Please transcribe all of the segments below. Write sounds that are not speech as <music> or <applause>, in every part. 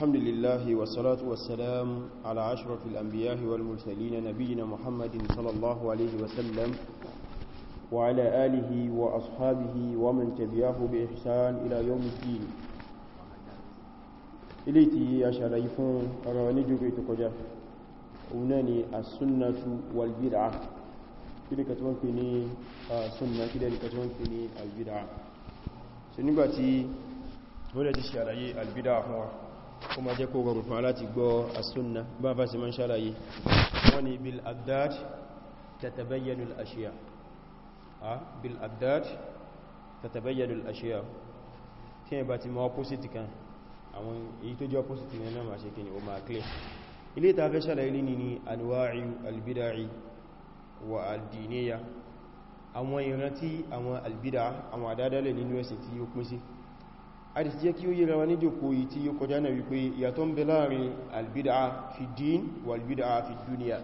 الحمد لله والصلاة والسلام على أشرف الأنبياء والمرسلين نبينا محمد صلى الله عليه وسلم وعلى آله وأصحابه ومن تبعه بإحسان إلى يوم الدين إليتي أشعر أراني أرانيجو بيتكجا أناني السنة والبرعة كده كتوانكني السنة آه، كده كتوانكني البدعة سنباتي هنا تشي على البدعة هو kó ma jẹ́ kó rọrùn fún aláti gbọ́ asúnna bá bá sí mọ́ ṣàlàyé wọ́n ni bil abdad tatabayyanu al-ashiya bil abdad tatabayyanu al-ashiya tí ẹ bá ti mọ́ opposite kan àwọn èyí tó jẹ́ opposite ní ẹ̀nà máa ṣe kí ni o máa clear ilé ta fẹ́ ṣàlàyé ní ni anwa'i albida'i wa aldiniya àwọn ìran àwọn albida àwọn àdádálẹ̀ nínú ẹ̀sìn tí ó pín sí àti jẹ́ kí ó yíra wa ní jòkó yìí tí yóò kọjá náà wípé ìyàtọ̀ ń bẹ láàrin albida fi dín wà albida fi dúníà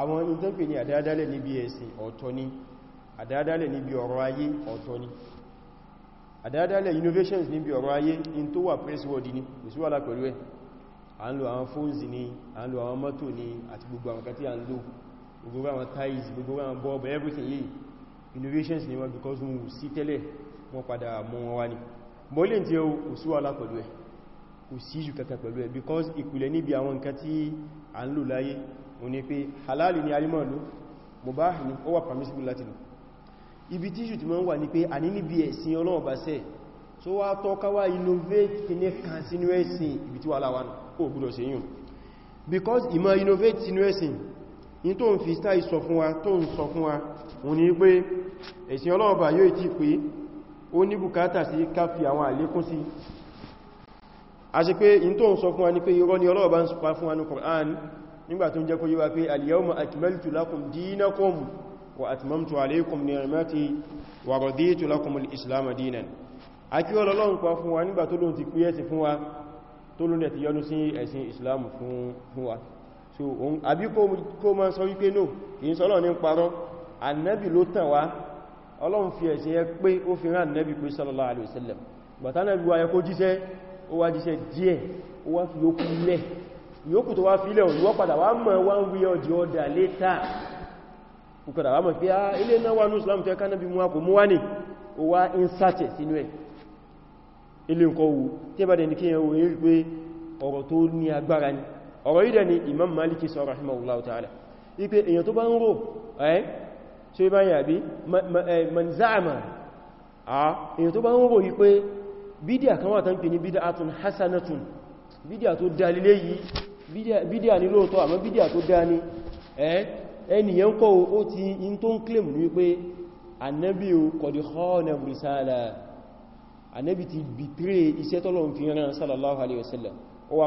àwọn ìtẹ́pẹ̀ ni àdádálẹ̀ níbi ẹ̀sìn ọ̀tọ̀ ni àdádálẹ̀ níbi ọ̀rọ̀ ayé ọ̀tọ̀ ni àdádálẹ̀ innovations níbi ọ̀rọ̀ ayé in tó wà praiseworthy ni kò sí wàlá pẹ̀lú ẹ̀ à ń lo àwọn phones ni à ń ni àti gbogbo àwọn kàtí à ń lo everything innovations ni wọ́n because wọ́n sí tẹ́lẹ̀ wọ́n padà mú wọn wá ní bọ́lẹ̀ tí ó sí wà lápẹ̀lú ẹ̀ kò sí jù kẹta pẹ̀lú ẹ̀ because ìpìlẹ̀ níbi àwọn nǹkan tí a ń lò láyé o ní pé halali ni alimọ̀ ló mubah ni ó wà permissible láti lò ibi tí jù ti mọ́ ń wà ní pé a ní níbi ẹ̀sìn ọlọ́run bá sẹ́ tó because ìmọ̀ innovate sínú ẹ̀sìn in tó ń fi style sọ fún wa tó ń sọ fún wa òun pé ẹ̀sìn ọlọ́run yóò ti pé ó ní bùkátà sí ká fi àwọn àlékún sí a ṣe pé in tó ń sọ fún wa ní pé irọ́ ni Ọlọ́run bá ń sọpa fún wa ní Qur'an nígbà tó ń jẹ́ kó yíwa pé al-yawma akmaltu lakum dinakum wa atmamtu alaykum ni'mati wa raditu lakum al-islama dinan a kí Ọlọ́run pa fún wa nígbà tó lóun ti pé Islam fún so àbí kó ma sọ no kìí sọ́lọ́ ní parọ́ annabi ló tàn ọlọ́run fi ẹ̀sìn yẹ pé ó fi rán nẹ́bí pé sallallahu alaihi wasallam bàtà náà bí wáyẹ kó jíṣẹ́ ó wá jíṣẹ́ díẹ̀ ó wá fi yókù lẹ̀ yókù tó wá fi lẹ̀ òyíwọ́ padà wá mọ̀ wá ń wí ọjọ́ ọdà létà padà wá mọ̀ pé á ah, ilé náà wà ní Islam tó ẹka náà bí mú akọ̀ mú wá èèyàn tó bá ń rò ẹ́ tí ó bá yà bí manzama eh, a èyàn tó bá ń ròyìn pé bídíà kan wà tán pè ní bídíà tún hasanatun bídíà tó dá lílé yìí bídíà ní lóòtọ́ àmọ́ bídíà tó dá ní ẹniyàn kọ́ ó ti in tó ń claim ní pé annabi o kọ̀dí hall of risala annabi ti betray iṣẹ́ tọ́lọ̀n fi ran sallallahu alaihi wasallam ó wà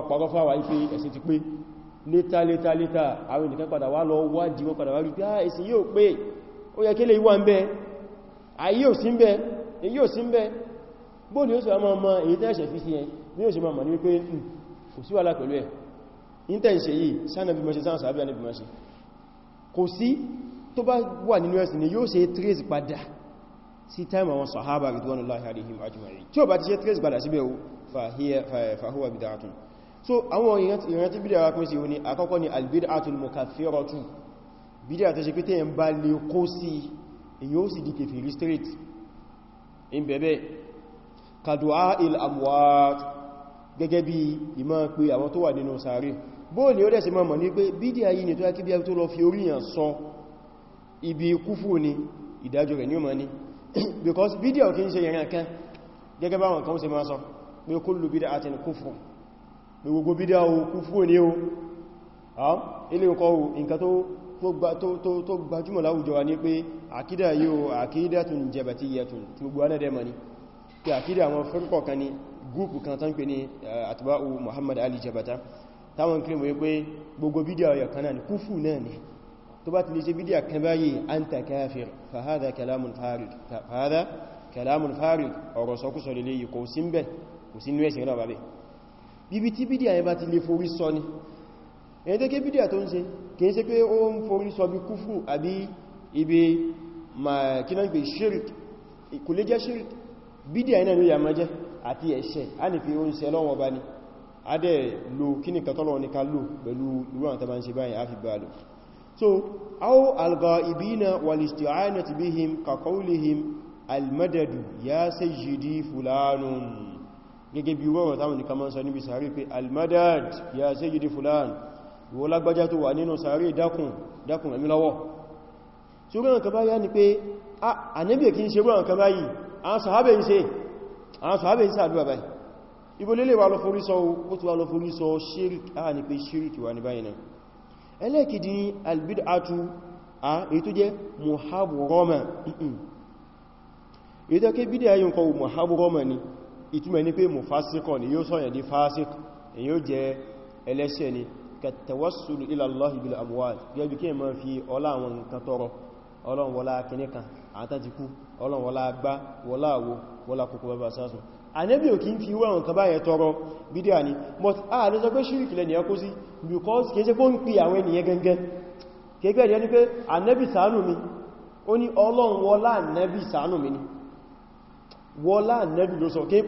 ó yẹ kí lè wà ń bẹ́ ayé ò sí ń bẹ́ èyí ò sí ń bẹ́ bó ni ó sì máa mọ èyí tẹ́ẹ̀ṣẹ̀ fi sí ẹ ní ó sì máa mọ̀ ní wípé hmm, kò sí wàhálà pẹ̀lú ẹ̀ ìntẹ́ẹ̀ṣẹ̀ yìí sáànà bí mọ́ṣe sáànà sáàbí àníbí mọ́ṣe kò sí tó bá so àwọn ìrántí bídà wá pín sí òní àkọ́kọ́ ni albid'atul bídíà tó ṣe pé tẹ́yẹn bá lè kó sí èyí ó sì di kèfèrí straight in bẹ̀bẹ̀ kàdùá il amwat gẹ́gẹ́ bí ìmọ̀ pé àwọn tó wà nínú sàárè bóò ni ó dẹ̀ sí mọ̀ ní pé bídíà yìí ni tó yákí bí tó lọ fi oríyàn sọ ibi kúfù ni ìdájọ́ rẹ̀ ní ó <coughs> ní because bídíà ò kí ń ṣe yẹ̀rẹ̀ kan gẹ́gẹ́ bá wọn kan ó ṣe máa sọ pé kullu bid'atin kufru pé gbogbo bídíà tó gbajúmọ̀ láwùjọ wa ní pé àkídà yóò àkídà tún jẹbàtíyà tún gbogbo anẹ́dẹ̀mọ̀ ni pé àkídà àwọn fẹ́rùkọ̀ kan ní gúúpù kan tán pè ní àtibá'u Muhammad Ali Jabata táwọn kírìmù wípé gbogbo bídíà ọ̀yọ̀ kan náà ni kúfù náà ni tó bá ti anta kafir fahada kalamun farid fahada kalamun farid ọ̀rọ̀ sọkúsọ lè yìí kò sí mbẹ̀ kò sí inú ẹ̀sìn náà bàbẹ̀ bíbi tí kìí ṣe pé ó ń forí sọ bí kúfù àbí ibi kínáǹgbè shirk kò lè jẹ́ shirk bídí àìnà ló yà máa jẹ́ àti ẹ̀ṣẹ̀ a ní fi oúnjẹ lọ́wọ́ bá ní a dẹ̀ lo kíní katọ́lọ́ ní ká lò pẹ̀lú irú àwọn tàbí ṣe báyìí àfi bá lò so aw al-ghaibina wal-isti'anati bihim wo lágbájá tó wà nínú sàárè dákun dákun ẹ̀mí lọ́wọ́ tí ó rán kàbáyá ni pé ànábì kí ń ṣe rán kàbáyì àwọn sàhábẹ̀ ń ṣe àwọn sàhábẹ̀ ń sàdúwà báyìí ibo lélè wà lọ forí sọ ó tó wà lọ forí sọ ṣíríkì a ní pé ṣíríkì wà ní báyìí náà ẹlẹ́kìdí albid'atu a èyí tó jẹ́ muhaburoma èyí tó ké bídí ayín kọwù muhaburoma ni ìtumẹ̀ ní pé mufasikọ ni yóò sọ̀yẹ̀ di fasik èyí ó jẹ́ ẹlẹ́ṣẹ̀ ni kàtàwàsùlù ilàlọ́hì bil amwal gẹ́bí kí ma fi ọlá àwọn nǹkan tọrọ ọlọ́run wọlá kìníkan àtàjíkú ọlọ́run wọlá gbá wọlá àwọ wọlá kòkò bàbá sásùn anẹ́bí ò kí ń fi wọ́n kan báyẹ tọrọ bídí àní but a lè sọ pé ṣíríkì lẹ́ni ẹkó sí because kìí ṣe pé ó ń pè àwọn ènìyàn gẹ́gẹ́ gẹ́gẹ́ ìyẹn ni pé anẹ́bí ṣàánú mi ó ní ọlọ́run wọlá anẹ́bí ṣàánú mi ni wọlá anẹ́bí ló sọ kìí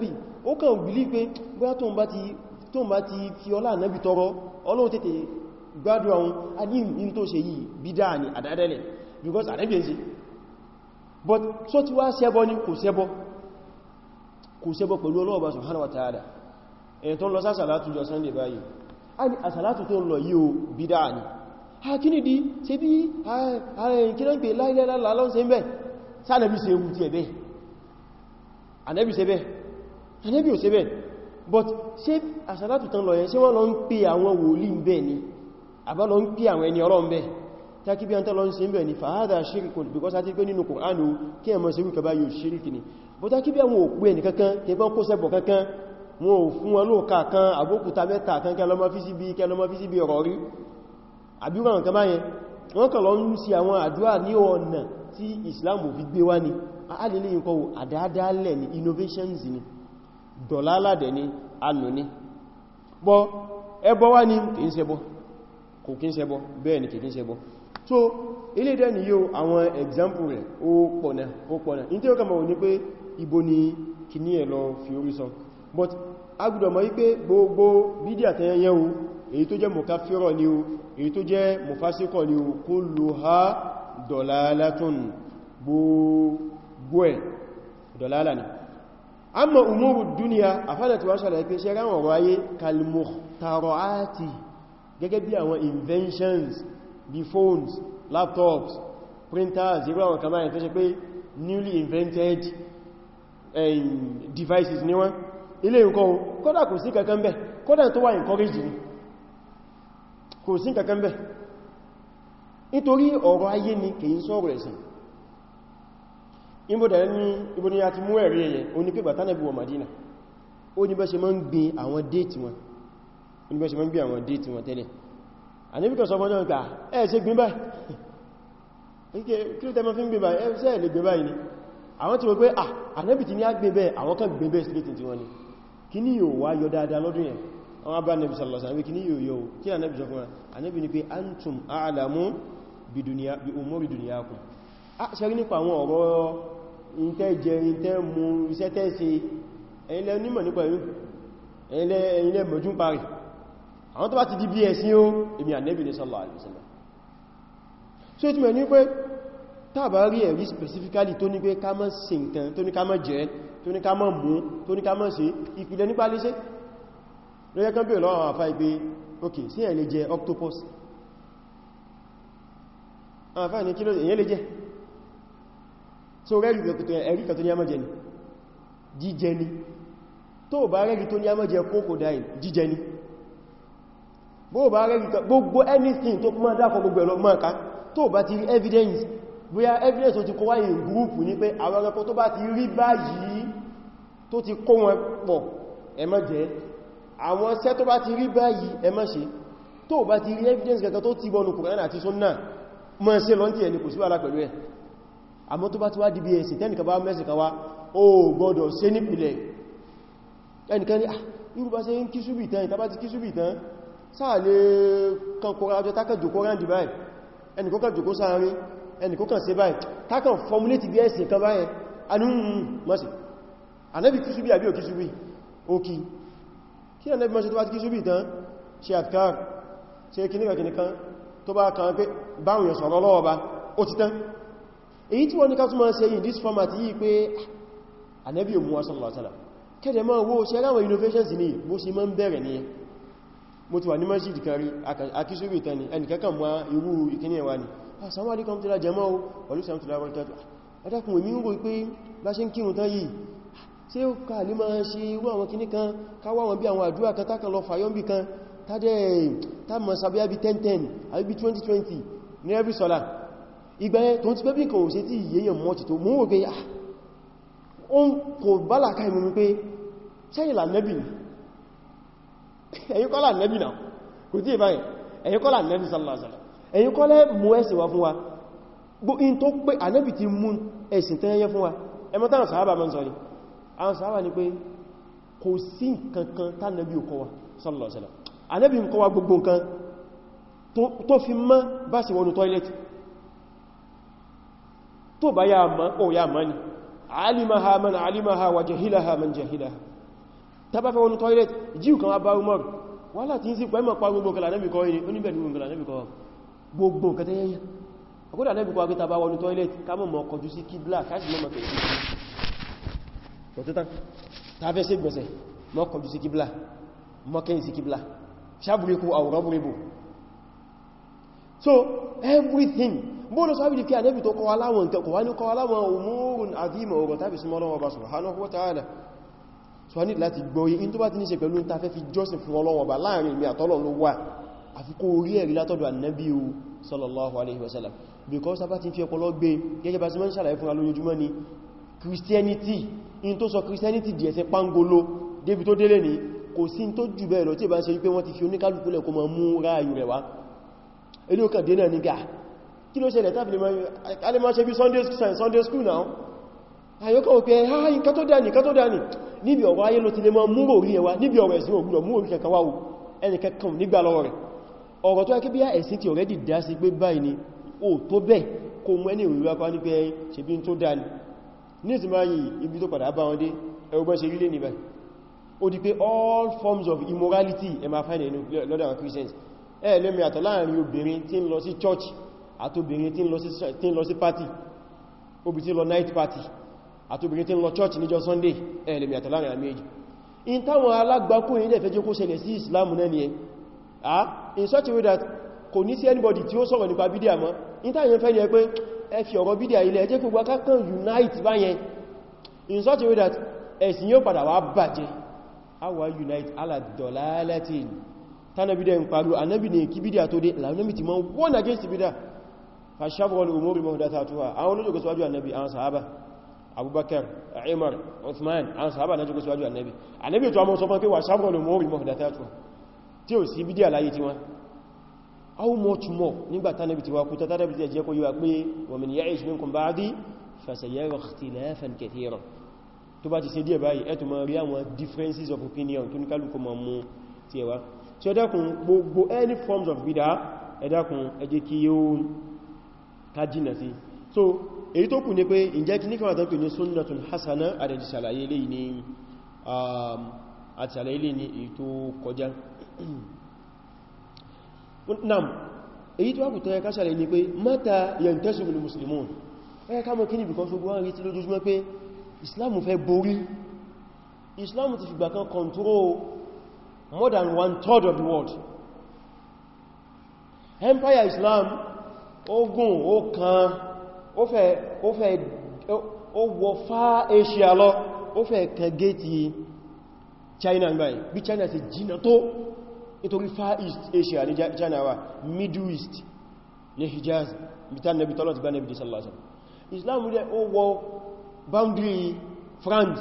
pé ó kàn bìlí pé gbá tó ń bá ti fi ọlá ànábì tọrọ ọlọ́run tètè gbádùn àwọn adíyìn tó ṣe yìí bídá ní àdádẹ́lẹ̀ because ànábì ń ṣe but so ti wá ṣẹbọ ní kò ṣẹbọ kò ṣẹbọ pẹ̀lú ọlọ́run ọba subhanahu wa ta'ala ẹ̀yìn tó ń lọ sásàlátù jọ sunday báyìí àsàlátù tó ń lọ yìí o bídá ní ha kí ni di ṣe bí ààrẹ ìkírẹ́ ń pè láìlẹ́lá lọ́n se ń bẹ̀ sáà nẹ́bí se ewu ti ẹ̀bẹ̀ anẹ́bí ò ṣe but ṣe àṣàlátù tán lọ yẹn ṣe wọ́n lọ ń pè àwọn wòlíì ń bẹ́ẹ̀ ni àbá lọ ń pè àwọn ẹni ọ̀rọ̀ ń bẹ́ẹ̀ tàkí àntà lọ ń ṣe ń bẹ́ẹ̀ ni fàádà ṣíríkùn because a ti pé nínú Kùránù kí ẹmọ sí wíkà ni but tàkí bí àwọn òpé ẹni kankan tẹbọn kó sẹ́bọ̀ kankan wọn ò fún wọn lóòkà kan àbókúta mẹ́ta kan kí ọlọ́mọ fi sí bí kí ọlọ́mọ fi sí bí ọ̀rọ̀ rí àbúrò àwọn kan báyẹn wọ́n kàn lọ ń sí àwọn dọ̀lálàdẹ̀ ni anù ní bọ́ ẹbọ wá ní kìí ṣẹbọ kò kìí ṣẹbọ bẹ́ẹ̀ ni kìí ṣẹbọ so ilé dẹ̀ ni yóò àwọn example rẹ̀ ó pọ̀nà ó pọ̀nà in tí ó kàmà wọ́n ní pé ibo ni kì ẹ̀ lọ fi orí sọ but agbùdọ̀ mọ̀ wípé gbogbo bídíà tẹ́yẹnyẹ́ o èyí tó jẹ́ mọ̀káfíọ́rọ̀ ni o èyí tó jẹ́ mọ̀fásíkọ̀ ni o kó ni amma umuru duniya a fana ti wá ṣàlàyé pé ṣe ráwọn ọ̀rọ̀ ayé kalmuhtaroati gẹ́gẹ́ bí inventions bí phones laptops printers irú àwọn kama ẹ̀tọ́ ṣe newly invented eh, devices ní wọ́n ilé nǹkan kódà kò sí kankan bẹ́ kódà tó wà encourage ni kò sí kankan bẹ́ nítorí ọ̀rọ̀ ayé ni kìí sọ̀rọ̀ ẹ̀sìn ìbòdà ní ìbòdà ya ti mú ẹ̀rí ẹ̀yẹ onípẹ̀gbà tánàbí wọ Madina ó ní bẹ́ ṣe mọ́ ń gbin àwọn déètì wọn ó ní bẹ́ ṣe mọ́ ń gbin àwọn déètì wọn tẹ́lẹ̀ àníbìkọ̀ sọ mọ́jọ́ nípa ẹ̀ ṣe <laughs> ni àwọn ti ah ànábì ti ní á gbin bẹ́ẹ̀ àwọn kan gbin bẹ́ẹ̀ sílẹ̀ ni kí ní yóò wá yọ dáadáa lọ́dún yẹn àwọn abá nẹ́bì sallọ́sàn wí kí ní yóò yóò kí ànábì sọ fún wa ànábì ni pé antum a'lamu bi umuri duniyakum a ṣe rí nípa àwọn ọ̀rọ̀ ìntẹ́ jẹ ìntẹ́ mú iṣẹ́ tẹ́ ṣe ẹ̀yìnlẹ́ onímọ̀ nípa ẹ̀yìn ẹ̀yìnlẹ́ mọ̀jú parí àwọn tó bá ti di bí ẹ̀sìn ó èmì ànẹ́bì ní sallallahu alaihi wasallam so ìtumọ̀ ní pé tàbá rí ẹ̀rí specifically tó ní pé ká má ṣe nǹkan tó ní ká má jẹ tó ní ká má mú tó ní ká má ṣe ìpìlẹ̀ nípa léṣẹ́ ló yẹ kán bèèrè lọ́wọ́ ok sí ẹ̀ lè jẹ octopus àwọn àfá ìní kí ló èyẹ lè so rẹ́rì ẹ̀rí kan tó ní àmọ́jẹ ni jíjẹ ni tó bá rẹ́rì tó ní àmọ́jẹ crocodile jíjẹ ni bó bá rẹ́rì kan gbogbo anything tó kúmọ́ dákọ̀ gbogbo ẹ̀lọ mọ́ka tó bá ti rí evidence bóyá evidence tó ti kó wáyé gúrùpù ní pé àwọn ẹranko tó bá ti rí báyìí tó ti kó wọn pọ̀ ẹ má jẹ àwọn iṣẹ́ tó evidence kankan tó ti bọnu Kùránì àti Sunnah mọ́ ṣe lọ́ntí ẹni kò sí àmọ́ tó bá ti wá dìbí ẹ̀sì tẹ́nìkà bá mẹ́sìnkà wá o gbọ́dọ̀ ṣe nípìlẹ̀ ẹnìkan ní ah, irúbá ṣe ń kíṣúbì tán ìtàbá ti kíṣúbì tán sáà lè kan kọra ọjọ́ tákàn jòkó rán dì báyìí ẹnìkan kan jòkó sáàrin ẹnìkan kan ṣe báyìí tákàn formulate bí ẹ̀sìn kan báyìí anúhùn hmm, hmm, mọ́sí ànábì kíṣúbì àbí òkíṣúbì òkì kí ànábì mọ́sí tó bá ti kíṣúbì tán ṣe àtkár ṣe kìnnìkan kìnnìkan tó bá kan pé báwọn èèyàn sọ̀rọ̀ lọ́wọ́ bá ó ti tán èyí tí wọ́n ní ká ṣe yìí this format yìí pé ànábì ò mú wá sallallahu alaihi kẹ́dẹ̀ máa wó ṣe ráwọn innovations ní bó ṣe máa ń bẹ̀rẹ̀ ní mo ti wà ní masjid kari akíṣúrù ìtẹni ẹnìkẹ́kàn mọ́ ni assalamu alaikum tí lájẹmọ́ pẹ̀lú sàmtìlá wọ́n tẹ́tù ẹ̀dàkùn èmi ń rò pé bá ṣe ń kírun tán yìí tí ó ká lè máa ṣe irú àwọn kíní kan káwà wọn bí àwọn àdúrà kan tákan lọ fàyọ́ bí kan 2020 ní every solar ìgbẹ̀rẹ̀ tó ti pẹ́bí nǹkan ò ṣe tí ìyẹyàn mọ́ ti tó mú wò pé ah o n kò bá làkà ìmú wípé ṣẹ́yìnlá nẹ́bì ni <laughs> ẹ̀yin kọ́lá nẹ́bì náà kò tí ìbáyìn ẹ̀yin kọ́lá nẹ́bì sallásàlá ẹ̀yin kọ́lẹ́ mú ẹ̀sìn wá fún wa gbó in tó pé ànẹ́bì ti mú ẹ̀sìn tẹ́yẹ fún wa ẹmọ táwọn sàhábà mọ́ sọ ni àwọn sàhábà ni pé kò sí nǹkankan tánẹ́bì ò kọ́ wa sallásàlá ànẹ́bì ń kọ́ wa gbogbo nǹkan tó fi mọ́ bá sì wọnú tọ́ilẹ̀tì tó bá yá mọ́ ní alimaha man alimaha wa jahilaha man jahilaha ta bá fẹ́ wọn toilet jíu kan bá umar wà láti yí sí pẹ́mọ̀ pa gbogbo kẹla nẹ́bì kọ́ yìí oníbẹ̀ ní gbogbo nẹ́bì kọ́ gbogbo kẹta yẹyẹ akúdà nẹ́bì kọ́ agbẹ́ta bá wọn toilet kámọ̀ mọ̀ kọjú sí kíblà káàkiri mọ́ kọjú sí kíblà mọ́ kẹ́yìn sí so everything bóòlù sábìdì kí ànẹ́bì tó kọwa láwọn nǹkan kọwa ní kọwa láwọn umurun azima ọ̀rọ̀ tàbí súnmọ́ Ọlọ́run Ọba subhanahu wa ta'ala so a ní láti gbọ́yí in tó bá ti ní ṣe pẹ̀lú ta fẹ́ fi jọ́sìn fún Ọlọ́run Ọba láàrin ìmì àtọ́lọ̀ ló wà àfikún orí ẹ̀rí látọ̀dọ̀ ànẹ́bí o sallallahu alaihi wasallam because a bá ti fi ọpọlọ gbé gẹ́gẹ́ bá sí mọ́ ń ṣàlàyé fún alójúmọ́ ni christianity in tó sọ christianity di ẹ̀sẹ̀ pangolo débi tó délé ní kò sí tó jù bẹ́ẹ̀ lọ tí ìbá ń ṣe wípé wọ́n ti fi oníkálùkúlẹ̀ kó mọ̀ mú ráyù rẹ̀ wá ilé ó kàn dé náà nígbà kí ló ṣẹlẹ̀ tàbí alẹ́ máa ṣe bí sunday eh, school now àyọ́kọ̀ òpé ha ah, ah, nǹkan tó dáni nǹkan tó dáni níbi ọ̀rọ̀ ayé ló ti lè máa múrò orí ẹwà níbi ọ̀rọ̀ ẹ̀sìn ògbùdọ̀ múrò orí kẹkàwà wò ẹni kẹkàn nígbà lọ́wọ́ rẹ̀ ọ̀rọ̀ tó ni ó tó bẹ́ kó mú ẹni ìrírá pa ní pé ṣe bí tó dáni ní ìsinmi ayé ibi tó padà bá wọn dé ẹgbẹ́ ṣe rí lé ní báyìí ó di all forms of immorality ẹ máa find Christians ẹ lẹ́mìí àtọ̀ láàrin obìnrin tí ń lọ sí church àtòbìnrin tí ń lọ sí party obì tí ń lọ night party àtòbìnrin tí ń lọ church níjọ sunday ẹ̀lẹ̀mì àtàlárin àmìyànjú in táwọn alágbàkóyìn dẹ̀ fẹ́jẹ́ kó ṣẹlẹ̀ sí islam náà ni ah. in such a way that kò ní sí anybody tí ó sọ̀rọ̀ nípa bídíà mọ́ in táwọn fẹ́ ni ẹ pé ẹ fi ọ̀rọ̀ bídíà ilẹ̀ ẹjẹ́ kó gbáká kan unite báyẹn in such a way that ẹ̀sìn yóò padà wá bàjẹ́ awa unite aladọ̀lálẹ́tì tánàbídẹ̀ ń parí anábìnrin kí bídíà tó dé làwọn mìtì mọ́ wọ́n against bídíà فشبغ الأمور مهدثاتها àwọn olójòkó síwájú annabi àwọn sahaba abubakar imar uthman àwọn sahaba náà jòkó síwájú annabi annabi tó àwọn sọfán pé wà ṣàbọ̀ olùmọ́rí mọ̀dátátuwa tí ó sí bídí àláyé tiwọn how much more nígbàtá nabi ti wá kú tátà nabi ti jẹ́ kó yíwa pé wa man ya'ish minkum ba'di fasayara ikhtilafan kathiran tó bá ti ṣe díẹ̀ báyìí ẹ̀tù ma rí àwọn differences of opinion tó ní kálùkù ma mú ti ẹwà tí ẹ̀dàkùn gbogbo any forms of bidah ẹ̀dàkùn ẹjẹ́ kí yóò kájínà sí so èyí tó kù ní pé ìjẹ́ kí ní kọwàtà pè ní sunnatun hasana àdẹ̀dì sàlàyé lè ní àti um, sàlàyé lè ní èyí tó kọjá nam èyí tó wákùtọ́ káṣàlẹ̀ ní pé mata yantasibul muslimun ẹ ká mọ̀ kí ní bìkan ṣogbó wọ́n rí tí lójúmọ́ pé islamu fẹ́ control more than one third of the world empire islam ogun ó kan ó fẹ́ ó fẹ́ ó wọ fá Asia lọ ó fẹ́ kan gẹ́ẹ̀tì China gbáyìí bí China ṣe jìnà tó nítorí far east Asia ní China wà middle east ní Hijaz bitan nabi tọ́lọ̀ ti bá nabi sallallahu alaihi wasallam Islam rẹ̀ ó wọ boundary France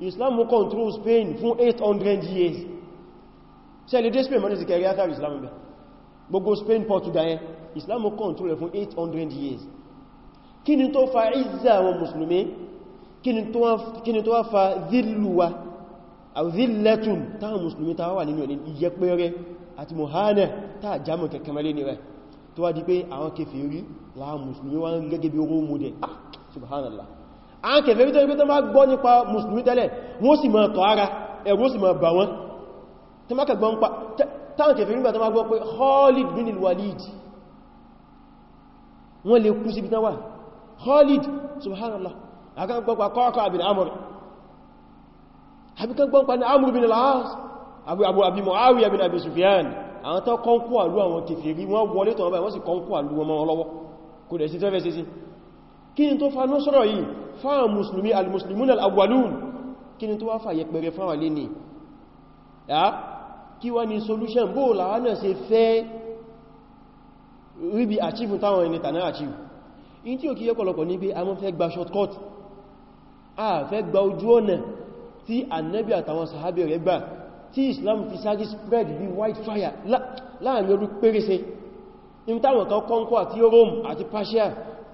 Islam control Spain fún 800 years ṣe lè dé Spain mọ́ ní ti kẹrẹ Islam bẹ̀ gbogbo Spain Portugal islam control rẹ̀ fún 800 years kí ni tó fa ìzà àwọn musulmi kí ni tó wá fa zílùwa àwílẹ́tùn táwọn musulmi ta wà nínú ẹni ìyẹpẹrẹ àti mohane ta jámọ̀ kẹkẹrẹ ní rẹ̀ tó wá di pé àwọn kèfèrí láà musulmi wọ́n gẹ́gẹ́ bí ogun mú dẹ̀ ah subhanallah àwọn kèfèrí tó rí tó má gbọ́ nípa musulmi tẹ́lẹ̀ wọ́n sì máa tọ́ ara ẹ̀rọ sì máa bà wọ́n wọ́n lè kú síbi tán wà Khalid subhanallah akan gbọ́gbà kọ́ọ̀kọ́ àbìn amur àbíkan gbọ́gbà ní amur bin al-As abu abi Muawiya bin abi Sufyan àwọn tán kọ́ kú àlú àwọn kèfèrí wọ́n wọlé tán báyìí wọ́n sì kọ́ kú àlú wọn lọ́wọ́ kò dẹ̀ sí tẹ́fẹ́ sí kí ni tó fa nọ́sọ́rọ̀ ríbi achieve táwọn ẹni tàná achieve in tí ó kí yẹ́pọ̀lọpọ̀ ní pé a mọ́ fẹ́ gba shortcut a fẹ́ gba ojú ọ̀nà tí annabi àtàwọn sahabi rẹ̀ gbà tí Islam fi sáré spread bí white fire láàrin ọdún pérése in táwọn kan kọ́nkọ́ àti Rome àti Persia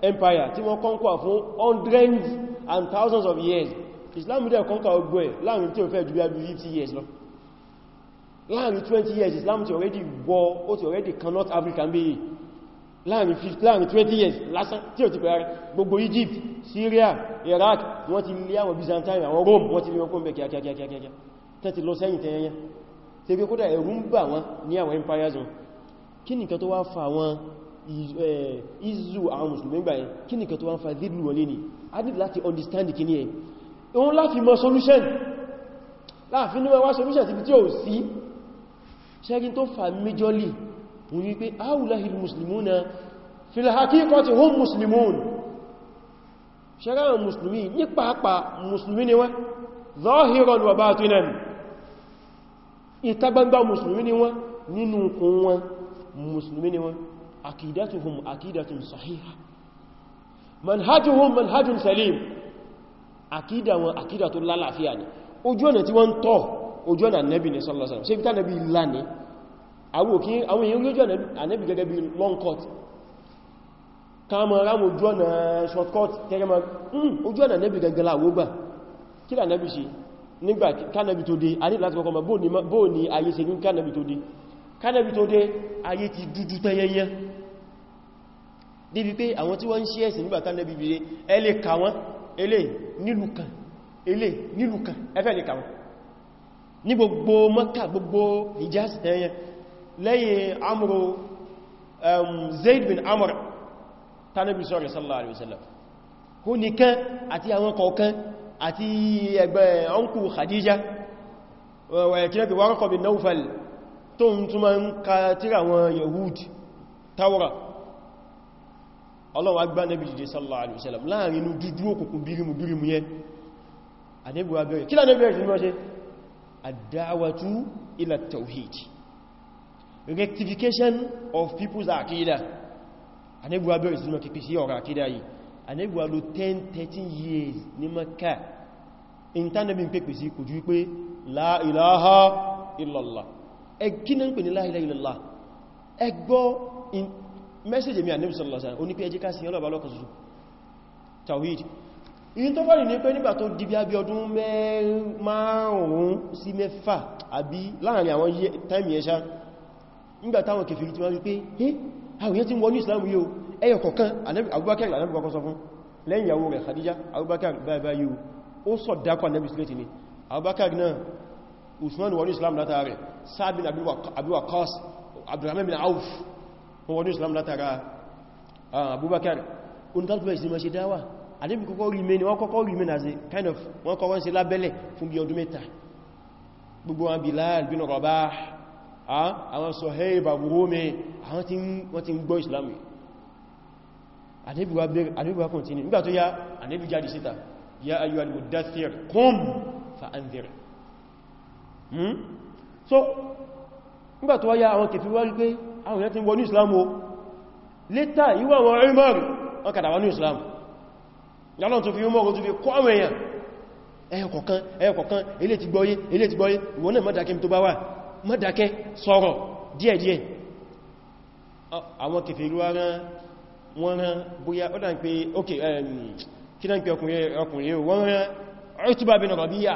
empire tí wọ́n kọ́nkọ́ fún hundreds and thousands of years Islam dẹ̀ kọ́nkọ́ ogbó ẹ̀ láàrin tí ó fẹ́ ju years láàrin 20 years Islam ti already wọ ó ti already cannot Africa bí láàrin 20 years lásán tí ò ti pẹ̀rẹ̀ gbogbo Egypt Syria Iraq wọ́n ti lé àwọn Byzantine àwọn Rome wọ́n ti lé wọn kó mẹ́ kíákíákíákíá tẹ́tì lọ sẹ́yìn tẹ́yẹnyẹ tí pé kódà ẹ̀rù ń bà wọn ní àwọn empires wọn kí nìkan tó wá fa wọn izu àwọn mùsùlùmí gbà yẹn kí nìkan tó wá fa zidlu wọlé ni a dìd láti understand kí ní ẹ̀ òun láti mọ solution láàfin ní wọ́n wá solution ti bí tí ò sí ṣẹ́gin tó fa majorly wípé áwùláhìl muslimuna filhakíkọtí hún muslimun ṣẹ́ráwà musulmi ní pàápàá musulmi ni wọ́n zahiran wa batinan ìta gbangba musulmi ni wọ́n nínú kún wọn musulmi ni wọ́n akidatuhum akidatun sahiha manhajuhum manhajun salim akida wọn akida tó lálàáfíà ni ojú ọ̀nà tí wọ́n tọ́ ojú ọ̀nà nabi ni sallallahu àwọn òkín àwọn èèyàn lójú ànẹ́bì gẹ́gẹ́ bí long cut káàmọ̀ ráwọn ojú ọ̀nà short cut kẹrẹ ma hmm, ojú ọ̀nà ànẹ́bì gẹ́gẹ́ láwọ́gbà kí lànẹ́bì ṣe nígbà kánẹ́bì tó dé àní láti kọ́kọ́ ma bóò ní ayé ṣe ní kánẹ́bì tó dé kánẹ́bì tó dé ayé ti dúdú tẹ́yẹyẹ débi pé àwọn tí wọ́n ń ṣe ẹ̀sìn nígbà kánẹ́bì bìí ẹlé kàwọn ẹlé nílùú kan Hijaz tẹ́yẹn lẹ́yìn amuru um, zaid bin amur tanabi sọ́rọ̀ sallallahu alaihi wasallam kó nìkan àti àwọn kọ̀ọ̀kan àti ẹgbẹ́ ọkù khadija wẹ̀kínẹ́kì Warqa bin Nawfal tó ń túnmọ́ ń ka tíra àwọn yahud tawra ọlọ́wọ́ agbá nabi jide sallallahu alaihi wasallam láàrin inú dúdú òkùnkùn bírimu bírimu yẹn rectification of people's akida anegbuwa bẹ̀rẹ̀ sí mọ́kí pèsè ọ̀rọ̀ akida yìí anegbuwa lo 10 13 years ní maka intanabin pèpè sí kò jú pé la ilaha illallah ẹgbí na ń pè ní la ilaha illallah ẹgbọ́ mẹ́sẹ̀jẹ̀ mi àníbì sọ́lọ́sàn ó ní pé ẹjíká sí ọlọ́bà lọ́kan ṣoṣo tawhid in tó fọ́nì ní pé nígbà tó dìbí abí ọdún márùn-ún sí mẹ́fà àbí láàrin àwọn táìmì ẹ̀ṣá nígbàtàwọn kèfèrí tí wọ́n rí pé ẹ́ àwọn yẹ́ tí wọ́n ní Islam yíò ẹyọ kọ̀kan Abubakar Ànábì kọ́kọ́ sọ fún lẹ́yìn ìyàwó rẹ̀ Khadija Abubakar báyìí yíò ó sọ dákọ̀ Ànábì sílẹ̀tì ni Abubakar náà Usman wọ́n ní Islam látara rẹ̀ Sa'd bin Abi Waqqas Abdurrahman bin Auf wọ́n ní Islam látara Abubakar àdébì kọ́kọ́ remain wọ́n kọ́kọ́ remain as a kind of wọ́n kọ́kọ́ ń ṣe lábẹ́lẹ̀ fún bí ọdún mẹ́ta gbogbo wọn Bilal bin Rabah àwọn Suhaib Abu Rumi àwọn tí ń gbọ́ ìsìlámù àdébùwà continue nígbà tó yá àdébù jáde síta ya ayyuhal muddaththir qum fa anzir hmm? so nígbà tó yá àwọn kèfì wá rí pé àwọn èèyàn ti wọ ní ìsìlámù létà ìwà àwọn Umar wọn kàdà wá ní ìsìlámù yálọ́n tó fi Umar tó fi kọ́ àwọn èèyàn ẹyọkọ̀kan ẹyọkọ̀kan ilé ti gbọ́yé ilé ti gbọ́yé ìwọ̀n náà mọ́dákí tó bá wà má dákẹ́ sọ̀rọ̀ díẹ̀díẹ̀ àwọn kèfèrí wọ́n rán bóyá ó dán pé ok kí dán pé ọkùnrin wọ́n rán Utba bin Rabi'a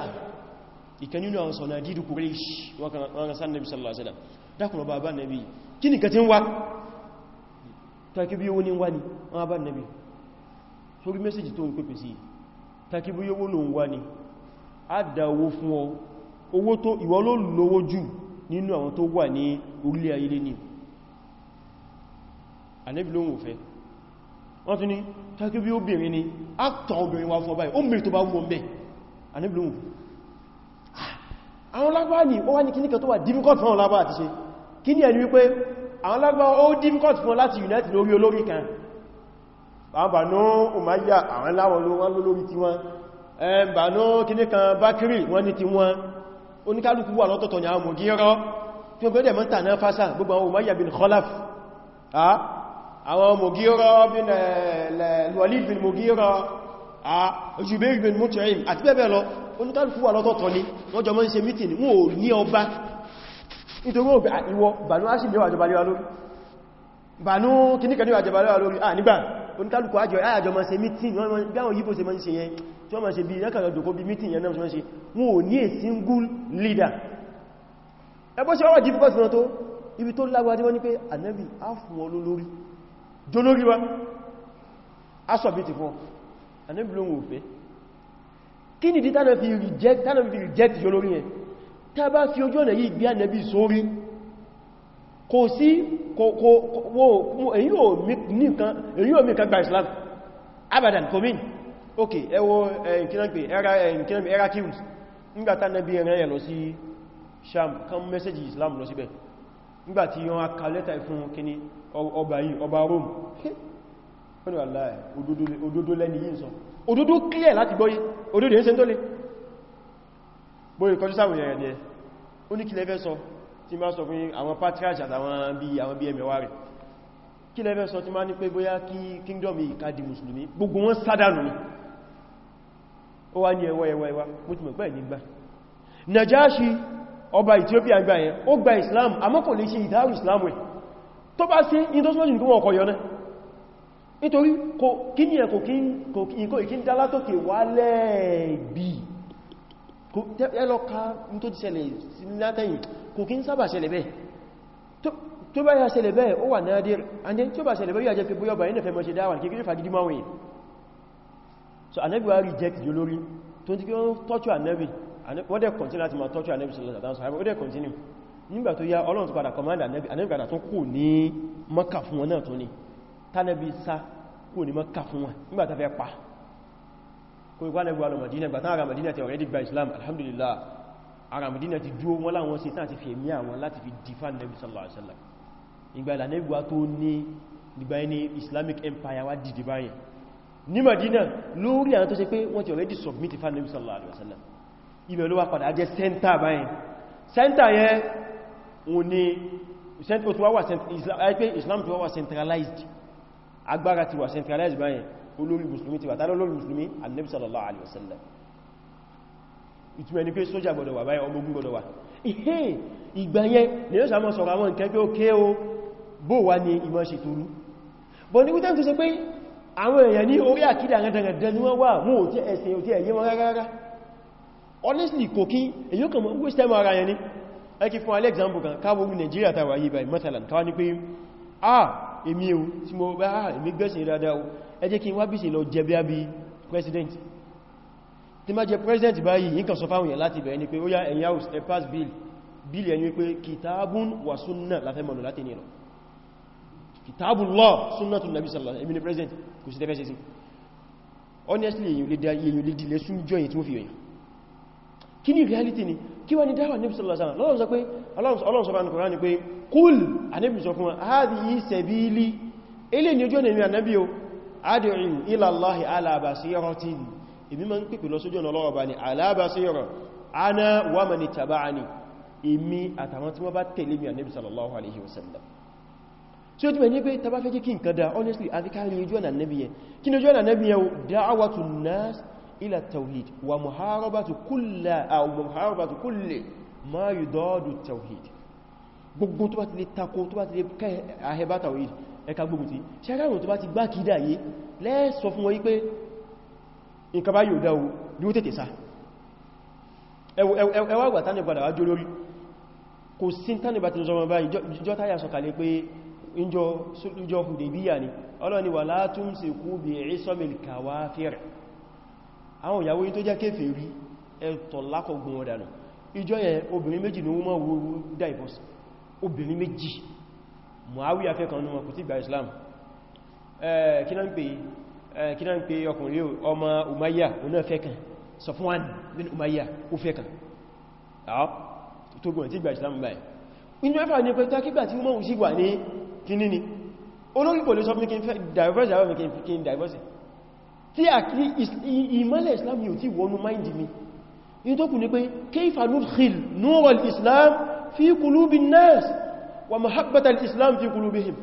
ìkan nínú àwọn sọ̀nà dídù Quraysh wọ́n rán sáà nẹ́bí sallallahu alaihi wasallam dákùnrọ̀ bá bá nẹ́bí kí ni kẹtí ń wá takibi owó ní wá ní wọ́n bá nẹ́bí sórí mẹ́sẹ̀jì nínú àwọn tó wà ní orílẹ̀ ayé ní Ànábì lóhun òfẹ́ wọ́n tún ní tàkí bí obìnrin ni àtọ̀ obìnrin wa fún ọba ó mẹ́rin tó bá wọ́n bẹ́ Ànábì lóhun ah, àwọn lágbà ní ó wá ní kíníkà tó wà difficult fún ọlábà àti ṣe kí ní ẹni wípé àwọn lágbà ó difficult fún láti unite lórí olórí kan Banu Umayya àwọn láwọn lórí tí wọ́n Banu kíníkan Bakri wọ́n ní ti wọ́n oníkálùkù wà lọ́tọ̀tọ̀ ní àwọn mọ̀gírọ́ tí ó gbẹ́dẹ̀ mọ́ta náà fásà gbogbo àwọn Umayya bin Khalaf àwọn mọ̀gírọ́ bin Walid bin mọ̀gírọ́ Jubayr bin Mut'im àti bẹ́ẹ̀ bẹ́ẹ̀ lọ oníkálùkù wà lọ́tọ̀tọ̀ ní wọ́n jọ mọ́ ń ṣe mítìn wọn ò ní ọba nítorí òbí ìwọ bànú á sì lé wà jọba lé wa lórí oníkálùkù àjọ àjọ ma ṣe mítìn bí àwọn yíbò ṣe ma ń ṣe yẹn tí wọ́n ma ṣe bí lẹ́kàrọ̀ jòkó bí mítìn yẹn náà ṣe wọ́n ò ní a single leader ẹgbọ́ ṣe wọ́wọ́ difficult fún tó ibi tó lágbàájí wọ́n ní pé ànábì á fún ọ lólórí jólórí wá aṣọ́bí ti fún ànábì ló ń wò fẹ́ kí nìdí tánà fi reject jólórí yẹn tá bá fi ojú ọ̀nà yìí gbé ànábì sórí kò sí èyí ò mí kan gba islam abadan kò mí ok ẹwọ ìkínàpé era kills nígbàtà náà bí ẹ̀rẹ́ ẹ̀ lọ sí sham kan mẹ́sẹ̀jì islam lọ síbẹ̀ nígbàtí yọ́n aka lẹ́ta fún kíní ọba yìí ọba rome pẹ̀lú aláà òdodo lẹ́ni yìí sọ òdodo clear láti gbọ́yé òdodo ẹ̀ tí máa sọ fún àwọn patriarch àtàwọn bí àwọn bí ẹmẹ̀wà rẹ̀ kí lẹ́fẹ́ sọ tí máa ní pé bóyá kí kingdom ìka di musulmi gbogbo wọn sádànù ni ó wá ní ẹwà ẹwà ẹwà mútùmọ̀ pẹ́ nígbà Najashi ọba Ethiopia gbà yẹn ó gba Islam àmọ́ kò lè ṣe ìdáhù Islam rẹ̀ tó bá sí indosmọ́jìn kí wọ́n ọkọ̀ yọnẹ́ nítorí kí ní ẹ̀kọ̀ kí ń dá wálẹ̀ bíi ẹlọ́ka tó ti ṣẹlẹ̀ látẹ̀yìn kò kí ń sábà ṣẹlẹ̀ bẹ́ẹ̀ tó bá yá ṣẹlẹ̀ bẹ́ẹ̀ ó wà náà dìr and then tí ó bá ṣẹlẹ̀ bẹ́ẹ̀ yà jẹ́ pé bóyọ́ bàyí nẹ̀fẹ́ mọ́ṣe dáwà kí kí fàgídí máa wòye so Ànábì wa reject yóò lórí tó ti kí wọ́n tọ́jú Ànábì wọ́n dẹ̀ continue láti máa tọ́jú Ànábì sọ̀rọ̀ dẹ̀ continue nígbà tó yá Ọlọ́run ti padà command Ànábì Ànábì padà tún kò ní Mákà fún wọn náà tó ní tánẹ́bì sá kò ní Mákà fún wọn nígbà tó fẹ́ pa kó ìgbàlẹ̀gbà lọ Madina gbàtán ara Madina ti already gba Islam alhamdulillah ara Madina ti dúó wọ́n láwọn sí tán ti fi èmí àwọn láti fi dìfà nẹ́bí sallallahu alaihi wasallam ìgbà ìlànẹ́gbà tó ní ìgbà ní Islamic Empire wá dìdì báyìí ní Madina lórí àwọn tó ṣe pé wọ́n ti already submit fà nẹ́bí sallallahu alaihi wasallam ibẹ̀ ló wá padà jẹ́ center báyìí center yẹn ò ní olórí musulmi ti wà tánà olórí musulmi annabi sallallahu ìtumẹ̀ ni pé sójà gbọdọ̀ wà báyẹ̀ ọmọ ogun gbọdọ̀ wà ihe ìgbà yẹn ni sàmọ́ sọ̀rọ̀ àwọn nǹkan pé ó ké bó wà ní ìmọ̀ ṣe torú bọ̀ ní wítẹ́ tó ṣe pé àwọn èèyàn ní orí àkídà rẹ̀dẹ̀rẹ̀dẹ̀ ẹ jẹ́ kí n wá bí sí lọ jẹ bíá bí president tí má jẹ president báyìí yín kan sọ fáwọn èèyàn láti bẹ̀rẹ̀ ni pé ó yá ẹ̀yà house ẹ bill bill ẹni wípé kìtàbùn wà súnnà láfẹ́ mọ̀lù láti nìlọ kìtàbùn lọ súnnà tún nàbí sàlọ̀ èmi ni president kò sí tẹ́fẹ́ sí honestly èyàn lè èyàn lè dìlẹ̀ súnjọ èyí tí ó reality ni kí wá ní dáwà nàbí sàlọ̀ sàlọ̀ lọ́wọ́ sọ pé ọlọ́run sọ bá ní kòrán ni pé kúl ànẹ́bì sọ fún wa hadhihi ojú ọ̀nà èmi ànábì o ad'u ila Allahi ala basiratin èmi máa ń pèpè lọ sójú ọ̀nà Ọlọ́run Ọba ni ala basira ana wa man ittaba'ani èmi àtàwọn tí wọ́n bá tẹ̀lé mi ànábì sallallahu honestly a fi ká ní ojú ọ̀nà nẹ́bí yẹn kí ní ojú ọ̀nà nẹ́bí yẹn dáwàtù nas ila tawhid wa muharabatu kulli aw muharabatu kulli ẹka gbógun ti ṣẹ́gbẹ̀rún tó bá ti gbá kìdá yé lẹ́ẹ̀sọ fún wọn wípé nǹkan bá yóò dáwó ní ó tètè sá ẹwà àgbà tánì padà wájú lórí kò sí tánì bá ti sọmọ báyìí jọ táyà sọ̀kalẹ̀ pé ìjọ Hudaybiya ni ọlọ́ni wà látún sí kú bí ìsọ́mìl kàwà fẹ́rẹ̀ àwọn ìyàwó yìí tó jẹ́ kéfèrí ẹ̀tọ̀ obìnrin méjì Muawiya afẹ́kan ní wọn kò tí gba Islam kí náà ń pè ọkùnrin ọmọ Umayya oná fẹ́kan Safwan bin Umayya ó fẹ́kan tó gbọ́n tí gba Islam báyìí inú ẹfà ní pẹ̀tọ́ kígbà tí wọ́n sì wà ní kíní ni olórin pẹ̀lú sọ fún kí n fẹ́ diverse àwọn kí n diverse tí a kí ìmọ́lẹ̀ Islam yóò tí wọnú máìndì mi ní tó kù ní pé kayfa wa mahabbata al-islam fi qulubihim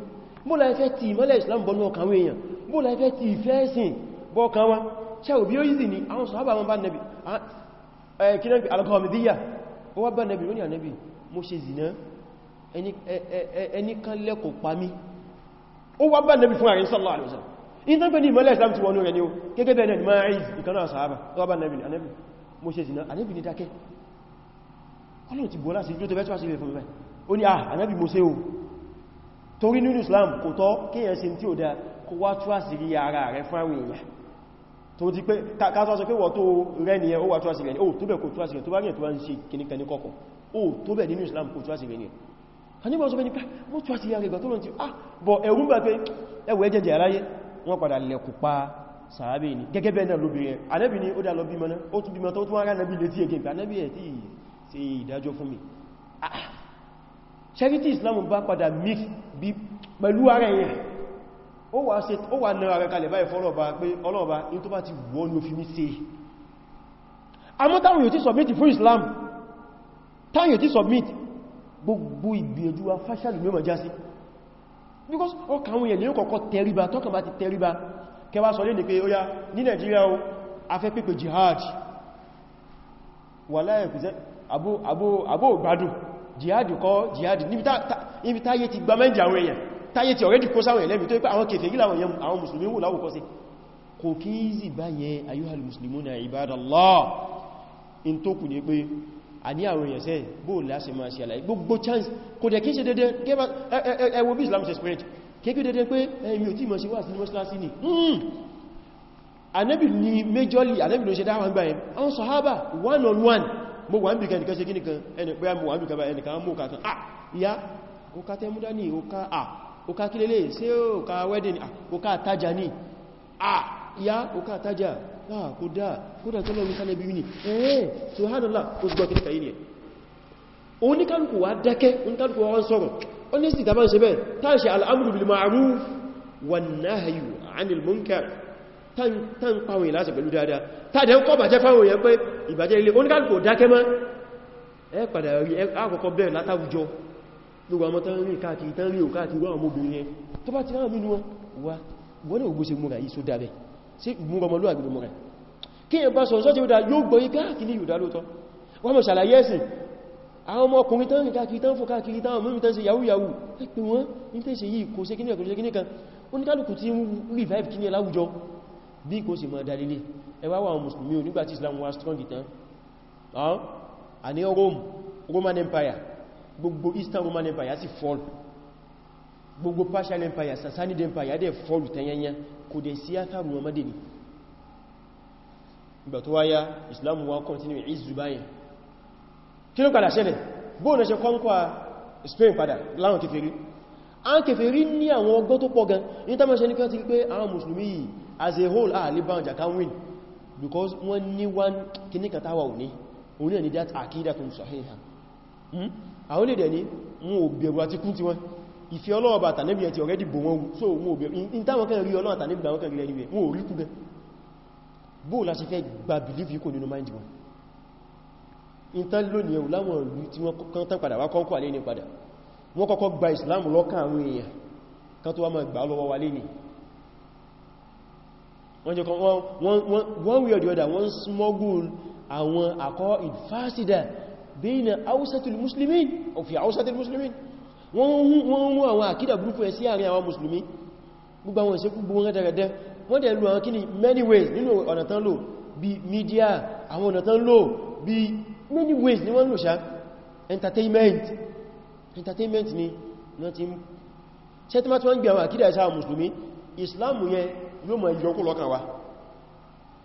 bó la fẹ́ ti ìmọ́lẹ̀ islam bọ́nà ọkàn wọn èèyàn bó la fẹ́ ti ìfẹ́ ẹ̀sìn bọ́ọ̀kan wọn ṣe òbí ó yìí ni àwọn sọ̀hábà wọn bá nẹ́bì e, kínan pé alkọ̀ọ̀mìdíyà ó wá bá nẹ́bì ó ní ànẹ́bì mo ṣe zìnà e, e, ẹni kan lẹ́kọ̀ pa mí ó wá bá nẹ́bì fún àrin sallallahu alaihi wasallam in tán pé ní ìmọ́lẹ̀ islam ti wọnú rẹ̀ ni ọlọ́run ti bọ́lá sí ìjó tó bẹ́ tó wá sí ilé fún mi ó ní ah anábì mo ṣe o torí nínú Islam kò tọ́ kíyàn ṣe tí ó dá kó wá tú àṣírí ara rẹ̀ fún àwọn èèyàn tó di pé káàkiri sọ pé wọ́n tó rẹ̀ nìyẹn ó wà tú àṣírí rẹ̀ ó tó bẹ̀ kò tú àṣírí tó bá rí ẹ̀ tó bá ń ṣe kìníkan ní kọ̀kọ̀ ó tó bẹ̀ nínú Islam kò tú àṣírí rẹ̀ anígbà sọ pé nípa mo tú àṣírí rẹ̀ tó lọ ti ah bọ̀ ẹ̀rùn bẹ̀ pé ẹwẹ́ jẹjẹ aráyé wọ́n padà lẹ̀kù pa sàábẹ̀ ni gẹ́gẹ́ bẹ́ẹ̀ náà lóbìnrin anábì ni ó dá lọ bímọ náà ó tún bímọ tó tún ara náà bí létí ẹgbẹ̀ anábì ẹ̀ tí ṣe ìdájọ́ fún mi ah, charity islam bá padà mix bí pẹ̀lú ara èèyàn ó wà ṣe ó wà náà rẹ̀ kalẹ̀ báyìí fọ́lọ̀ọ̀bá pé ọlọ́ọ̀bá in tó bá ti wọ́n ló fi mí ṣe amótáwọn yóò ti submit fún islam táwọn yóò ti submit gbogbo ìgbìyànjú wa fásàlù mẹ́mọ̀ já because ọkàn àwọn èèyàn ní kọ̀kọ́ tẹríba tọ́kàn bá ti tẹríba kẹwa sọ lé ní pé ó jihad wà láyẹ̀ pìsẹ́ àbó àbó jihadi kọ́ jihadi níbi táyé ti gba mẹ́jì àwọn èèyàn táyé ti ọ̀rẹ́dì kó sáwọn ẹ̀lẹ́mì tó ipá àwọn kèfèrí àwọn musulmi wò láwùkọ́ sí kò kí zì báyẹn ayúhàl muslimuna ibadallah in tó kù ní pé a ní àwọn èèyàn sẹ́ bó láṣẹ máa ṣe àlàyé chance kò dẹ̀ kí ṣe dédé ẹwọ bí islam ṣe spirit kéèkì dédé pé èmi ò tí mọ̀ sí ni anẹ́bì hmm. ni majorly anẹ́bì ló ṣe dáwọn one on one mo wà ń bí kẹ́nìkan ṣe kíníkan ẹni pé mo wà ń bí kẹba ẹnìkan mú kàkan ah ìyá òká tẹ́múdá ní òká ah òká kílélé sí òká wedding ah òká tajà ní ah ìyá òká tajà ah kò dá kódà tó lọ́rùn sálẹ̀ bí ní ẹ̀ẹ́ subhanallah ó sì gbọ́ kíníkà yìí tán pàwọn ìlàsì pẹ̀lú dáadáa tàdẹ̀ ń kọ́ bàjẹ́ fáwọn èèyàn pé ìbàjẹ́ ilé oníkàlùkò dákẹ́ mọ́ ẹ padà rí àkọ́kọ́ bẹ̀rẹ̀ látàwùjọ gbogbo àwọn tán rí káàkiri tán rí òkáàkiri wọ́n àwọn obìnrin yẹn tó bá ti ráwọn nínú wọn wá wọ́n ní ògbóṣe múra yìí só dábẹ̀ sí múra ọmọlú àgbèrè múra kí ẹ bá sọ sọ́tí ó dá yóò gbọ́ yí ah, káàkiri yóò dá lóòtọ́ wọ́n mọ̀ ṣàlàyé ẹ̀sìn àwọn ọmọ ọkùnrin tán rí káàkiri tán fò káàkiri táwọn mọ́mí tán ṣe yahoo yahoo ẹ pè wọ́n ní tẹ́ṣe yìí kò ṣe kíníkà kò ṣe kíníkà oníkálùkù ti ń revive kíní láwùjọ bí kò sì mọ̀ dalilé ẹwà wà mùsùlùmí onígbàtí islam wà strong ìtàn àní rome roman empire gbogbo eastern roman empire sì fall gbogbo partial empire sassanid empire dẹ̀ fall tẹ́yẹnyẹ kò dẹ̀ sí átàrù ọmọdé ni ìgbà tó wáyá islam wà continue ìzùbáyẹn kí ló padà ṣẹlẹ̀ bóò náà ṣe kọ́nkọ́ spain padà láwọn kékeré a ń kèfè rí ní àwọn ọgbọ́n tó pọ̀ gan ní tàbí ní kí pé àwọn mùsùlùmí as a whole are liban jaka win because wọ́n ní wọ́n kìní kàtàwà òní òní ẹni dat akidatun sahiha hmm? àwọn olè dẹ̀ ní wọn ò bẹ̀rù àti kún ti wọn ìfẹ́ ọlọ́ọ̀bà tànẹ́bì so wọn ò bẹ̀rù in táwọn kan rí ọlọ́ọ̀ tànẹ́bì àwọn kan rí ẹni wọn ò rí kú gan bóò láti fẹ́ gba bìlífì kò nínú máìndì wọn in tán lónìí ẹ̀wù láwọn ìlú tí wọ́n kọ́kọ́ gba islam lọ́kàn àwọn èèyàn kan tó wá máa gbà lọ́wọ́ wa léni wọ́n jẹ́ kan wọ́n wí ọ̀dí ọ̀dá wọ́n smogul àwọn àkọ́ ìfásídà bẹ́ẹ̀nà ausatul muslimin òfin ausatul muslimin wọ́n mú àwọn àkídà burúkú ẹ̀ sí àárín àwọn musulmi gbogbo àwọn ìṣẹ́kú gbogbo wọn rẹ̀dẹ̀rẹ̀dẹ̀ wọ́n dẹ̀ lù àwọn kíni many ways nínú ọ̀nà tán lò bí media àwọn ọ̀nà tán lò bí many ways ni wọ́n lò ṣá entertainment entertainment ni wọ́n ti ń ṣe tí ma ti wọ́n gbé àwọn àkídà ìsáà mùsùlùmí islam yẹn yóò mọ̀ yọkó lọ́kàn wa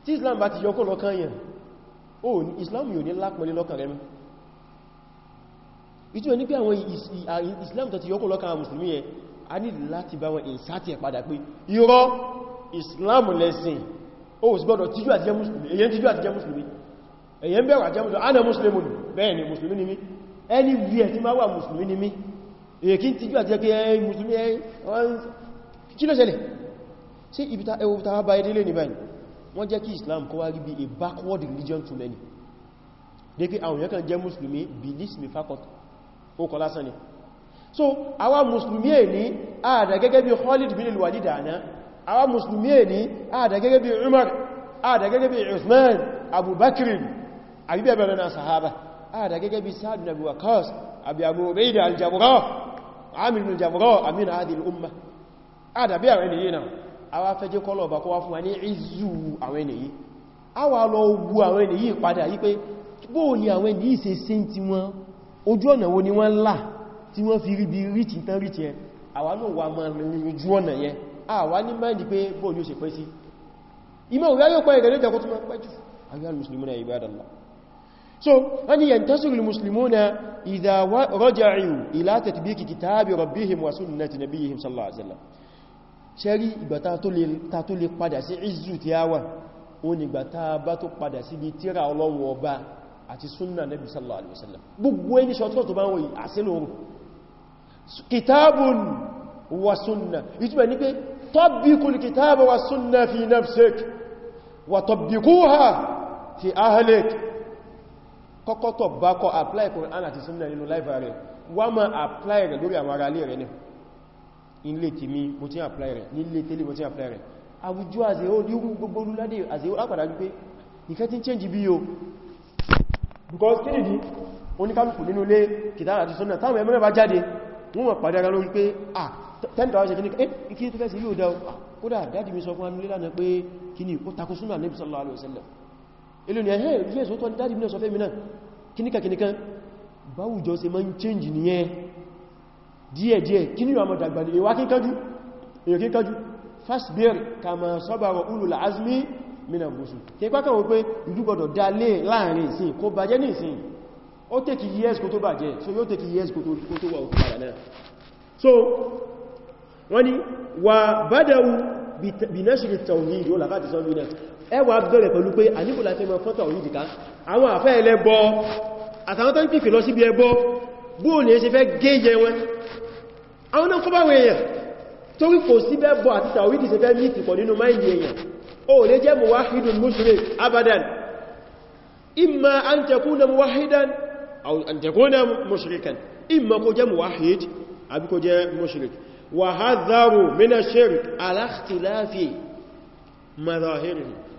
tí islam bá ti yọkó lọ́kàn yẹn o islam yóò ní lápọ̀lẹ́ lọ́kàn rẹ̀ ìtú ẹni pé àwọn islam tó ti yọkó lọ́kàn mùsùlùmí yẹn a ní láti bá wọn ìsáti ẹ̀ pé irọ́ islam lẹ́sìn o sì gbọ́dọ̀ tíjú àti jẹ́ mùsùlùmí èyẹn tíjú àti jẹ́ mùsùlùmí èyẹn bẹ̀rẹ̀ àjẹ́mùsùlùmí ẹni bí ẹ̀ tí máa wà mùsùlùmí ni mí èkí tí jú àti ẹkẹ́ ẹ̀yìn mùsùlùmí ẹ̀yìn kí ló ṣẹlẹ̀ sí ibita ẹwọ tàà bá ẹdílé ní báyìí wọ́n jẹ́ kí Islam kọ́ wá rí bí a backward religion to many dé pé àwọn yẹ́kàn jẹ́ mùsùlùmí beliefs mi fakọt ó kọ lásán ni so àwa mùsùlùmí è ní ààdà gẹ́gẹ́ bí Khalid bin al-Walid àná àwa mùsùlùmí è ní ààdà gẹ́gẹ́ bí Umar ààdà gẹ́gẹ́ bí Uthman Abu Bakr àbíbẹ̀bẹ̀rẹ̀ na sahaba àdá gẹ́gẹ́ bí Sa'd ibn Abi Waqqas àbí Abu Ubayda al-Jamra Amir ibn al-Jamra amir hadhihi al-umma àdá bí àwọn ènìyàn náà àwa fẹ́ jẹ́ kọ́lọ̀ ọba kó wá fún wa ní ìzù àwọn ènìyàn àwa lọ wu àwọn ènìyàn padà yí pé bóò ni àwọn ènìyàn ṣe sí ti wọn ojú ọ̀nà wo ni wọ́n là tí wọ́n fi ríbi wà máa rìn ojú ọ̀nà yẹn àwa ní máìdì pé bóò ni ó ṣe pẹ́ sí imọ̀ òwúrẹ́ yóò pẹ́ ìrẹ̀lẹ́jẹ̀ kó tún máa pẹ́ jù àwọn mùsùlùmí náà so wọ́n ni yantasirul muslimuna idha raja'u ila tatbiki kitabi rabbihim wa sunnati nabiyihim sallallahu alaihi wasallam ṣẹ́rí ìgbàta tó lè padà sí izu ti yawa o ni gbàta bá tó padà sí bí tíra Ọlọ́hun Ọba àti sunna nabi sallallahu alaihi wasallam gbogbo ẹni ṣọ́tọ́ tó bá wọ́n yìí àsìlòrò kitabun wa sunna ìtumẹ̀ ní pé tabbikul kitaba wa sunna fi nafsik wa tabbikuha fi ahlik kọ́kọ́tọ̀ bá kọ́ apply Quran àti Sunnah nínú láìfà rẹ̀ wá ma apply rẹ̀ lórí àwọn ará ilé rẹ̀ ní ilé tèmi mo ti apply rẹ̀ nílé tèlé mo ti apply rẹ̀ àwùjọ àzẹ̀wò yíkú gbogbo because kí nìdí oníkálùkù nínú ilé kìtàrà àti Sunnah táwọn ẹmẹ́rẹ́ bá ah 10,000 kìníkà eh ikí tó fẹ́ sí yóò dá kódà dájì mi sọ fún anúlé lánàá pé kìní ó takó sallallahu alaihi wasallam ilé ni ẹ̀hẹ́ yes tó dájì mínà sọ fẹ́ mínà kíníkà kíníkà báwùjọ ṣe máa ń change nìyẹn díẹ̀díẹ̀ kíní yọ àmọ̀dàgbà ní ìwá kíkájú èyàn kíkájú fasbir kama sabara ulul azmi mínà gúúsù kí ipá kan wò pé ìlú gbọdọ̀ dá lé láàrin ìsìn kó bàjẹ́ ní ìsìn ó tèkì years kó tó bàjẹ́ so yóò tèkì years kó tó wà òkú náà so wọ́n ni wà bádàwù bí nashri tawhid ẹwà bẹ̀rẹ̀ pẹ̀lú pé àníkò láti mọ fọ́tọ̀ orí ìdìká àwọn àfẹ́ ẹlẹ́bọ àtàwọn tó ń pìpì lọ síbi ẹbọ bóò ní ṣe fẹ́ gẹ́yẹ wọn àwọn náà kọ́bàwọ̀ èèyàn torí kò sí bẹ́bọ àti tàwídì ṣe fẹ́ mìtì pọ̀ nínú máìlì èèyàn ó lè jẹ́ muwahidun mushrik abadan imma an takuna muwahidan aw an takuna mushrikan imma kó jẹ́ muwahid àbí kó jẹ́ mushrik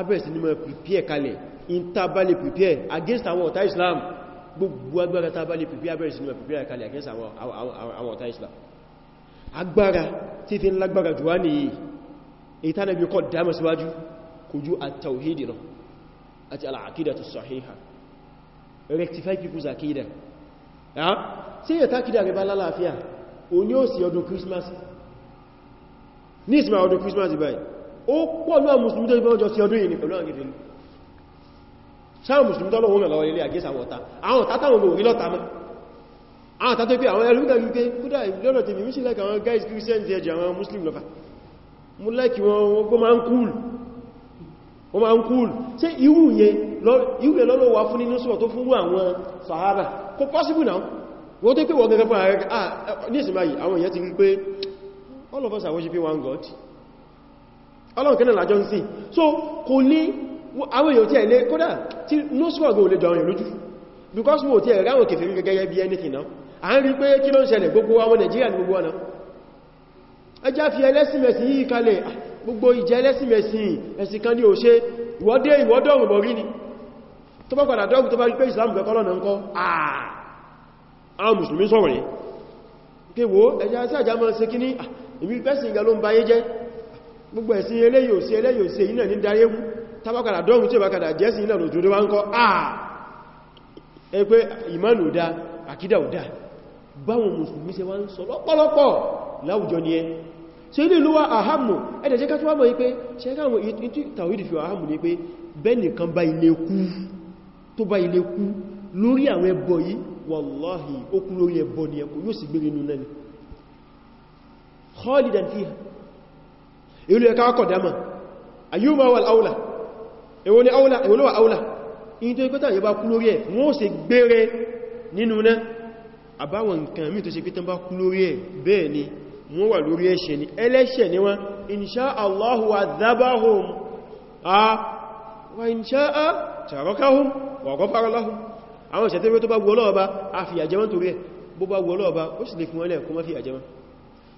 abẹ́sì ní mọ̀ prepare kalẹ̀ intabale prepare against our ọ̀tá Islam gbogbo agbára tabale prepare abẹ́sì ní mọ̀ prepare kalẹ̀ against our ọ̀tá Islam agbára tí fi ń lágbára jù wá nìyí ìtànàbí kọ́ dámọ̀ síwájú kò ju àtàwòhídì lọ àti al'akídà tó rectify people's akídà tí yẹ̀ tákídà rẹ̀ bá lálàáfíà o ní ó sì ọdún Christmas ní ìsìnmà ọdún Christmas báyìí ó pọ̀ náà musulmi tó ìbọn ọjọ́ sí ọdún ìní pẹ̀lú àgídìrí sáà musulmi tó lọ́wọ́ mẹ́lọ́wọ́ ilé àgẹ́sà wọ́ta àwọn tátàwọn olóòrí lọ́ta mọ́ àwọn tátàwọn pé àwọn ẹlúgbà wípé kúdà lọ́nà tèmi mí sí láìka àwọn guys christians ẹjẹ àwọn muslim lọ́fà mú láìkí wọn wọ́n máa ń kúl wọ́n máa ń kúl ṣe irú yẹ lọ́lọ́ wà fún nínú sọ̀rọ̀ tó fún àwọn sahaba kò possible now wọ́n tó pé wọ́n gẹ́gẹ́ fún ah, all of us are worshiping one God ọlọ́run kẹ́nà làjọ ń sí so kò ní àwọn èèyàn tí ẹ̀lẹ́ kódà tí no small go lè jọ ọ̀rìn lójú because mo tí ẹ̀ ráwọn kèfèrí gẹ́gẹ́ bí anything now a ń rí pé kí ló ń ṣẹlẹ̀ gbogbo àwọn Nàìjíríà ní gbogbo ọ̀nà ẹjá fi ẹlẹ́sìmẹ̀sì yìí kalẹ̀ ah, gbogbo ìjẹ́ ẹlẹ́sìmẹ̀sì ẹ̀sìn kan ní ò ṣe ìwọ́dé ìwọ́dọ̀rùn bọ̀ rí ni tó bá padà dọ́gbù tó bá rí pé Islam fẹ́ kọ́lọ̀nà ń kọ́ ah, àwọn mùsùlùmí sọ̀rọ̀ yìí pé wo ẹjá sí àjámọ́ ṣe kí ní ìbí ah, pẹ́sìn ìgbà ló ń bayé jẹ́ gbogbo ẹ̀sìn eléyò sí eléyò sí iná ní daréwú tábákàdà dọ́rùn tí ìbákàdà jẹ́sì iná lò dúdó wá ń kọ́ àà ẹgbẹ́ ìmánù òdá àkídà òdá báwọn mùsùlùmí ṣe wá ń sọ lọ́pọ̀lọpọ̀ láwùjọ ni ẹ se ilé ìlú wa àhámù ẹ̀dẹ̀ jẹ́ káàkiri wámọ̀ pé bẹ́ẹ̀nì ìlú ẹka kọ̀dámà ayyuma wal aula èwo ni aula èwo ló wà aula in tó ikọ́ta yẹ bá kú lórí ẹ̀ wọ́n ṣe gbére nínú náà àbáwọn nǹkan mí tó ṣe pítán bá kú lórí ẹ̀ bẹ́ẹ̀ ni wọ́n wà lórí ẹ̀ṣẹ̀ ni ẹlẹ́ṣẹ̀ ni wọ́n inṣá Allahu adhabahum a wa inṣá a tarakahum wa ghafara lahum àwọn ìṣẹ̀tẹ́rẹ́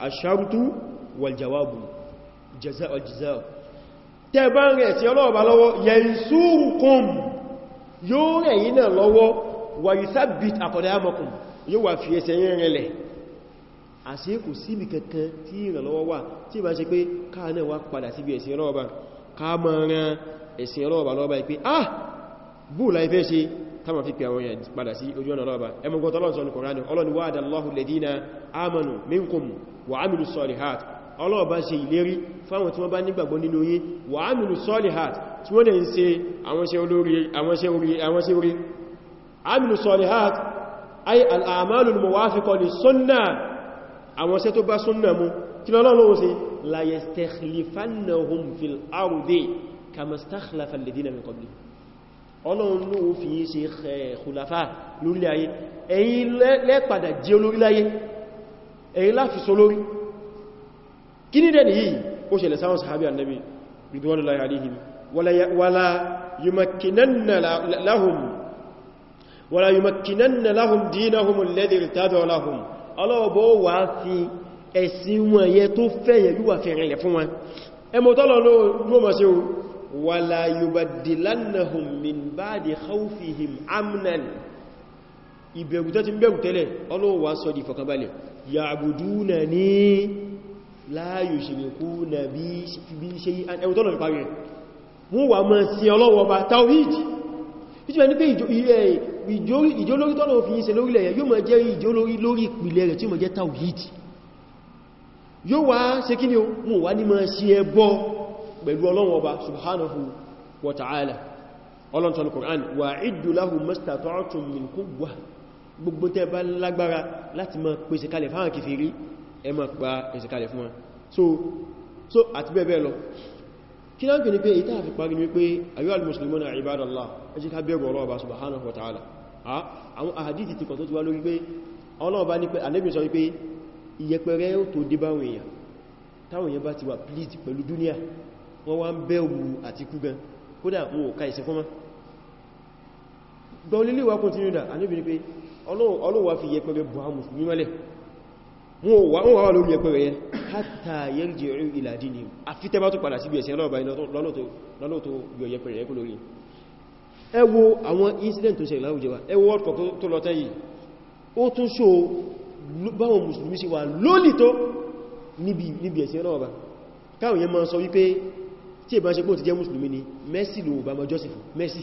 asharutu waljawabu jaza aljiza tẹ́ bá ń rẹ̀ sí ọlọ́ọ̀bá lọ́wọ́ yansurukum yóò rẹ̀ yí náà lọ́wọ́ wà yí sábìt àkọ̀dáyàmọ̀kùn yóò wà fi ẹsẹ̀ yẹn rẹ̀lẹ̀ àṣí kò síbi kankan tí ìrànlọ́wọ́ wà tí bá ṣe pé káà náà wá padà síbi ẹ̀sìn ọlọ́ọ̀bá káà mọ̀ rán ẹ̀sìn ọlọ́ọ̀bá lọ́ọ̀bá ìpé ah bú láì fẹ́ ṣe tàbí wa'ada Allahu alladhina amanu minkum wà ámìlù sọ́lìhàt ọlọ́wọ́ bá ṣe ìlérí fáwọn tí wọ́n bá nígbàgbọ́ nínú yín wà ámìlù sọ́lìhàt tí wọ́n lè ń ṣe àwọn ṣe orí ámìlù sọ́lìhàt ay al'amalul muwafiqo li sunna àwọn ṣe tó bá sunna ọlọ́run ló fi ṣe khulafa lórílẹ̀ ayé ẹ̀yin lẹ́pàdà jẹ́ olórílẹ̀ ayé èyí láti so lórí kí ní dẹ̀ nìyí ó ṣẹlẹ̀ sáwọn sahabi annabi ridwanullahi alaihim wala yumakkinanna lahum wala yumakkinanna lahum dinahum alladhi irtada lahum ọlọ́ọ̀bọ̀ wà fi ẹ̀sìn wọn yẹ tó fẹ́yẹ̀ yíwà fẹ́rẹ̀lẹ̀ fún wọn ẹmọ tọ́lọ ló mọ̀ sí o wala yubaddilannahum min ba'di khawfihim amnan ìbẹ̀rù tó ti bẹ̀rù tẹ́lẹ̀ ọlọ́wọ́ wá sọ ya'budunani la yushrikuna bí shay'an ẹwù tọ́lọ̀ ìparí rẹ̀ wọ́n wà mọ́ sí ọlọ́wọ́ bá tawhid ìjọba ní pé ìjólórí tọ́lọ̀ fi ń ṣe lórílẹ̀ yẹ yóò mọ̀ jẹ́ ìjólórí lórí ìpìlẹ̀ rẹ̀ tí mọ̀ jẹ́ tawhid yóò wá ṣe kí ni ó mú wá ní mọ́ sí gbogbo tẹ́ bá lágbára láti máa pèsè kalẹ̀ fáwọn kèfèrí ẹ máa pa pèsè kalẹ̀ fún wọn so so àti bẹ́ẹ̀ bẹ́ẹ̀ lọ kí náà gbé ní pé ìta àfi parí pé ayyọ́ al-muslimuna ibadallah ẹ jẹ́ ká bẹ̀rù ọ̀rọ̀ ọba wa ta'ala àwọn ahadith ti kàn tó ti wá lórí pé ọlọ́run bá ní pé anẹ́bìn sọ wípé ìyẹpẹrẹ ó tó dé báwọn èèyàn táwọn èèyàn bá ti wà pleased pẹ̀lú dúníà wọ́n wá ń bẹ̀rù kódà wọn ò ka ìsìn fún mọ́ gbọ́n lílé wa continue dà anẹ́bìn ni pé ọlọ́wà fi yẹpẹrẹ bọ̀ àwọn mùsùlùmí mọ́lẹ̀ wọ́n wà lórí yẹpẹrẹ yẹn hatta yarji'u ila dinihim àfi tẹ́ bá tó padà síbi ẹ̀sìn ọlọ́ọ̀bá lọ́lọ́tọ̀ yọ yẹpẹrẹ yẹn kó lórí ẹ wo àwọn incident tó ṣẹlẹ̀ láwùjọ wa ẹ wo World Cup tó lọ tán yìí ó tún ṣó báwọn mùsùlùmí ṣe wà lólì tó níbi ẹ̀sìn ọlọ́ọ̀bá káwọn yẹn máa sọ wípé tí ìbáṣepọ̀ ti jẹ́ mùsùlùmí ni Messi lò bá mọ́ Joseph Messi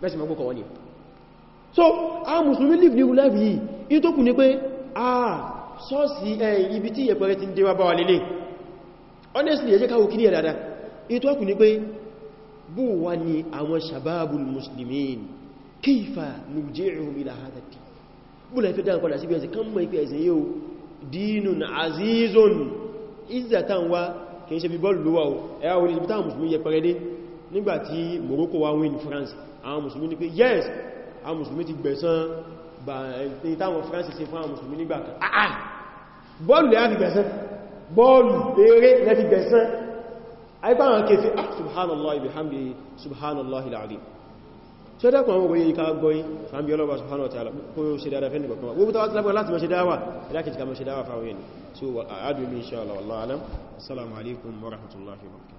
bẹ́sì mọ́ kọ́kọ́ ní so a musulmi live ní life yìí in tó kù ní pé ah sọ́ọ̀sì ẹ̀yìn ibi tí yẹpẹrẹ ti ń dé wábá wa lélẹ̀ honestly ẹjẹ́ káwò kí ní ẹ̀dàdà in tó kù ní pé bú wa ni àwọn shababul muslimin kífà nùjẹ́rùn ila hadha ti bú lẹ́fẹ́ dáa padà síbi ẹ̀sìn kan mọ́ ìpẹ́ ẹ̀sìn yóò dínun azizun izzatan wa kìí ṣe bí bọ́ọ̀lù lówà ẹ̀yà orí ibi táwọn musulmi nígbàtí Morocco wa win France àwọn musulmi ní pé yes àwọn musulmi ti gbẹ̀san eh, ní táwọn France ṣe fún àwọn musulmi nígbà kan àà ah, ah! bọ́ọ̀lù lẹ́yà fi gbẹ̀san bọ́ọ̀lù eré lẹ́ fi gbẹ̀san àìpáwọn kéfẹ́ ah subhanallah ibihamdi subhanallah ila'adim ṣe dákùn àwọn ògbóyìn ká gọ́yí fàbí ọlọ́wà subhanahu wa ta'ala kó yóò ṣe dáadáa fẹ́ nìkan kan gbogbo tàwátí lábọ̀ láti mọ́ṣe dáwà ìdákejì ká mọ́ṣe dáwà fáwọn yẹn so adùn insha Allah wallahu alam assalamu alaikum wa rahmatullahi wa barakatuh